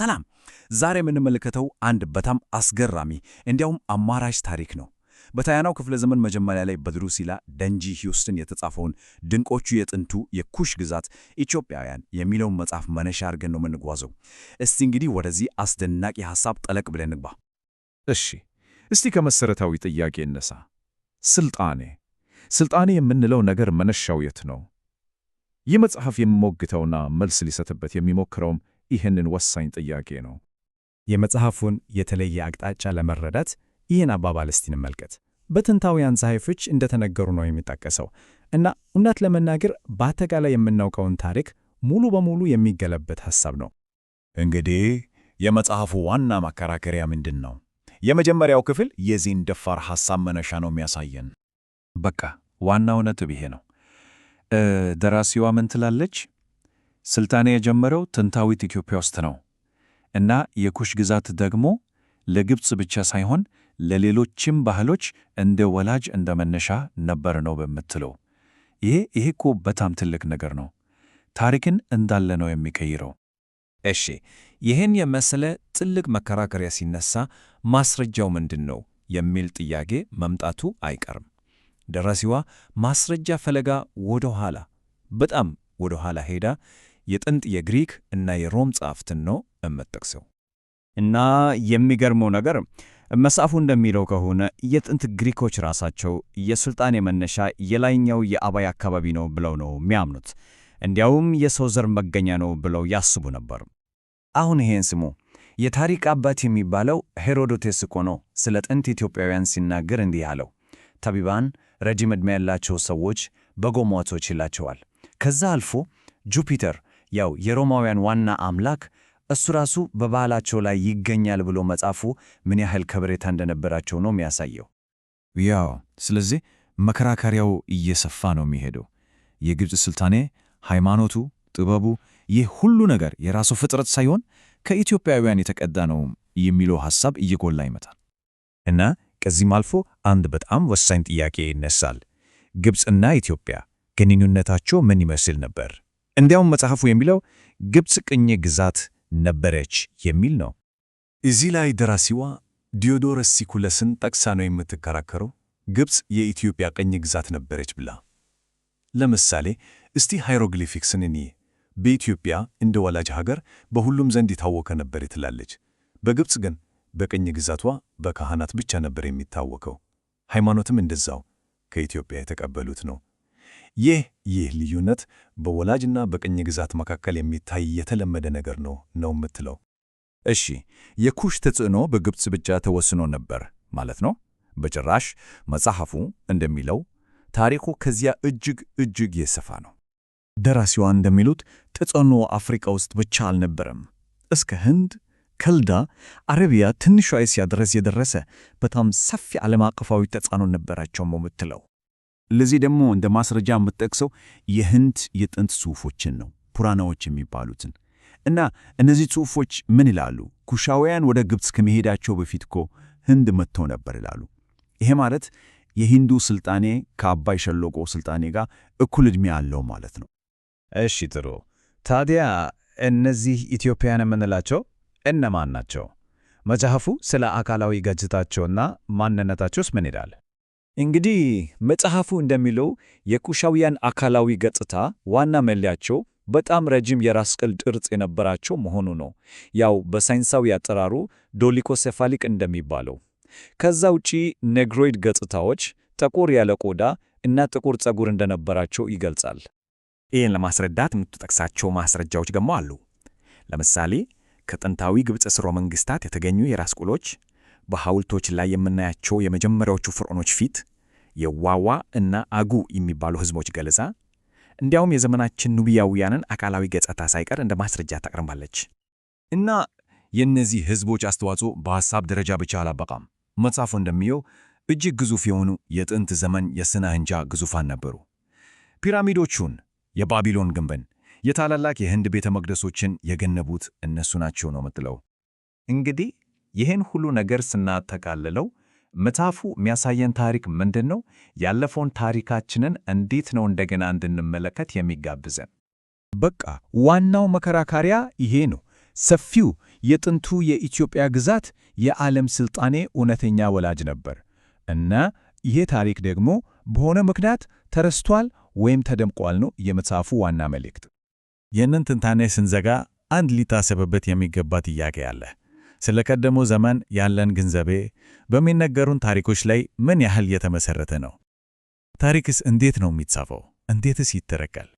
ሰላም። ዛሬ የምንመለከተው አንድ በጣም አስገራሚ እንዲያውም አማራጭ ታሪክ ነው። በታያናው ክፍለ ዘመን መጀመሪያ ላይ በድሩሲላ ደንጂ ሂውስትን የተጻፈውን ድንቆቹ የጥንቱ የኩሽ ግዛት ኢትዮጵያውያን የሚለውን መጽሐፍ መነሻ አድርገን ነው የምንጓዘው። እስቲ እንግዲህ ወደዚህ አስደናቂ ሐሳብ ጠለቅ ብለን እንግባ። እሺ፣ እስቲ ከመሠረታዊ ጥያቄ እነሳ። ስልጣኔ ስልጣኔ የምንለው ነገር መነሻው የት ነው? ይህ መጽሐፍ የሚሞግተውና መልስ ሊሰጥበት የሚሞክረውም ይህንን ወሳኝ ጥያቄ ነው። የመጽሐፉን የተለየ አቅጣጫ ለመረዳት ይህን አባባል እስቲ እንመልከት። በጥንታውያን ጸሐፊዎች እንደተነገሩ ነው የሚጠቀሰው እና እውነት ለመናገር በአጠቃላይ የምናውቀውን ታሪክ ሙሉ በሙሉ የሚገለበት ሐሳብ ነው። እንግዲህ የመጽሐፉ ዋና ማከራከሪያ ምንድን ነው? የመጀመሪያው ክፍል የዚህን ደፋር ሐሳብ መነሻ ነው የሚያሳየን። በቃ ዋና እውነቱ ይሄ ነው። ደራሲዋ ምን ትላለች? ስልጣኔ የጀመረው ጥንታዊት ኢትዮጵያ ውስጥ ነው እና የኩሽ ግዛት ደግሞ ለግብፅ ብቻ ሳይሆን ለሌሎችም ባህሎች እንደ ወላጅ እንደ መነሻ ነበር ነው በምትለው። ይሄ ይሄ እኮ በጣም ትልቅ ነገር ነው። ታሪክን እንዳለ ነው የሚቀይረው። እሺ፣ ይህን የመሰለ ትልቅ መከራከሪያ ሲነሳ ማስረጃው ምንድን ነው የሚል ጥያቄ መምጣቱ አይቀርም። ደራሲዋ ማስረጃ ፈለጋ ወደ ኋላ በጣም ወደ ኋላ ሄዳ የጥንት የግሪክ እና የሮም ጸሐፍትን ነው እምጠቅሰው። እና የሚገርመው ነገር መጽሐፉ እንደሚለው ከሆነ የጥንት ግሪኮች ራሳቸው የሥልጣን የመነሻ የላይኛው የአባይ አካባቢ ነው ብለው ነው የሚያምኑት። እንዲያውም የሰው ዘር መገኛ ነው ብለው ያስቡ ነበር። አሁን ይሄን ስሙ። የታሪክ አባት የሚባለው ሄሮዶቴስ እኮ ነው ስለ ጥንት ኢትዮጵያውያን ሲናገር እንዲህ አለው፣ ጠቢባን ረጅም ዕድሜ ያላቸው ሰዎች በጎ ሟቶች ይላቸዋል። ከዛ አልፎ ጁፒተር ያው የሮማውያን ዋና አምላክ እሱ ራሱ በባህላቸው ላይ ይገኛል ብሎ መጻፉ ምን ያህል ከበሬታ እንደነበራቸው ነው የሚያሳየው። ያው ስለዚህ መከራከሪያው እየሰፋ ነው የሚሄደው። የግብፅ ስልጣኔ፣ ሃይማኖቱ፣ ጥበቡ፣ ይህ ሁሉ ነገር የራሱ ፍጥረት ሳይሆን ከኢትዮጵያውያን የተቀዳ ነው የሚለው ሐሳብ እየጎላ ይመጣል እና ከዚህም አልፎ አንድ በጣም ወሳኝ ጥያቄ ይነሳል። ግብፅና ኢትዮጵያ ግንኙነታቸው ምን ይመስል ነበር? እንዲያውም መጽሐፉ የሚለው ግብፅ ቅኝ ግዛት ነበረች የሚል ነው። እዚህ ላይ ደራሲዋ ዲዮዶረስ ሲኩለስን ጠቅሳ ነው የምትከራከረው ግብፅ የኢትዮጵያ ቅኝ ግዛት ነበረች ብላ። ለምሳሌ እስቲ ሃይሮግሊፊክስን እንይ። በኢትዮጵያ እንደ ወላጅ ሀገር በሁሉም ዘንድ የታወቀ ነበር ትላለች። በግብፅ ግን በቅኝ ግዛቷ በካህናት ብቻ ነበር የሚታወቀው። ሃይማኖትም እንደዛው ከኢትዮጵያ የተቀበሉት ነው። ይህ ይህ ልዩነት በወላጅና በቅኝ ግዛት መካከል የሚታይ የተለመደ ነገር ነው ነው የምትለው። እሺ የኩሽ ተጽዕኖ በግብፅ ብቻ ተወስኖ ነበር ማለት ነው? በጭራሽ። መጽሐፉ እንደሚለው ታሪኩ ከዚያ እጅግ እጅግ የሰፋ ነው። ደራሲዋ እንደሚሉት ተጽዕኖ አፍሪካ ውስጥ ብቻ አልነበረም። እስከ ህንድ፣ ከልዳ፣ አረቢያ፣ ትንሿ እስያ ድረስ የደረሰ በጣም ሰፊ ዓለም አቀፋዊ ተጽዕኖ ነበራቸው የምትለው ለዚህ ደግሞ እንደ ማስረጃ የምጠቅሰው የህንድ የጥንት ጽሑፎችን ነው፣ ፑራናዎች የሚባሉትን እና እነዚህ ጽሑፎች ምን ይላሉ? ኩሻውያን ወደ ግብፅ ከመሄዳቸው በፊት እኮ ህንድ መጥተው ነበር ይላሉ። ይሄ ማለት የሂንዱ ስልጣኔ ከአባይ ሸለቆ ስልጣኔ ጋር እኩል ዕድሜ አለው ማለት ነው። እሺ ጥሩ። ታዲያ እነዚህ ኢትዮጵያን የምንላቸው እነማን ናቸው? መጽሐፉ ስለ አካላዊ ገጽታቸውና ማንነታቸውስ ምን ይላል? እንግዲህ መጽሐፉ እንደሚለው የኩሻውያን አካላዊ ገጽታ ዋና መለያቸው በጣም ረጅም የራስ ቅል ቅርጽ የነበራቸው መሆኑ ነው። ያው በሳይንሳዊ አጠራሩ ዶሊኮሴፋሊክ እንደሚባለው። ከዛ ውጪ ኔግሮይድ ገጽታዎች ጠቁር ያለ ቆዳ እና ጥቁር ፀጉር እንደነበራቸው ይገልጻል። ይህን ለማስረዳት የምትጠቅሳቸው ማስረጃዎች ደግሞ አሉ። ለምሳሌ ከጥንታዊ ግብፅ ስርወ መንግስታት የተገኙ የራስ ቁሎች፣ በሐውልቶች ላይ የምናያቸው የመጀመሪያዎቹ ፍርዖኖች ፊት የዋዋ እና አጉ የሚባሉ ህዝቦች ገለጻ እንዲያውም የዘመናችን ኑቢያውያንን አካላዊ ገጽታ ሳይቀር እንደ ማስረጃ ታቀርባለች። እና የእነዚህ ህዝቦች አስተዋጽኦ በሐሳብ ደረጃ ብቻ አላበቃም። መጽሐፉ እንደሚየው እጅግ ግዙፍ የሆኑ የጥንት ዘመን የስነ ህንጃ ግዙፋን ነበሩ። ፒራሚዶቹን፣ የባቢሎን ግንብን፣ የታላላቅ የህንድ ቤተ መቅደሶችን የገነቡት እነሱ ናቸው ነው የምትለው። እንግዲህ ይህን ሁሉ ነገር ስናተካልለው። መጽሐፉ የሚያሳየን ታሪክ ምንድን ነው? ያለፈውን ታሪካችንን እንዴት ነው እንደገና እንድንመለከት የሚጋብዘን? በቃ ዋናው መከራከሪያ ይሄ ነው። ሰፊው የጥንቱ የኢትዮጵያ ግዛት የዓለም ሥልጣኔ እውነተኛ ወላጅ ነበር እና ይሄ ታሪክ ደግሞ በሆነ ምክንያት ተረስቷል ወይም ተደምቋል ነው የመጽሐፉ ዋና መልእክት። ይህንን ትንታኔ ስንዘጋ አንድ ሊታሰብበት የሚገባ ጥያቄ አለ። ስለ ቀደመው ዘመን ያለን ግንዘቤ በሚነገሩን ታሪኮች ላይ ምን ያህል የተመሠረተ ነው? ታሪክስ እንዴት ነው የሚጻፈው? እንዴትስ ይተረካል?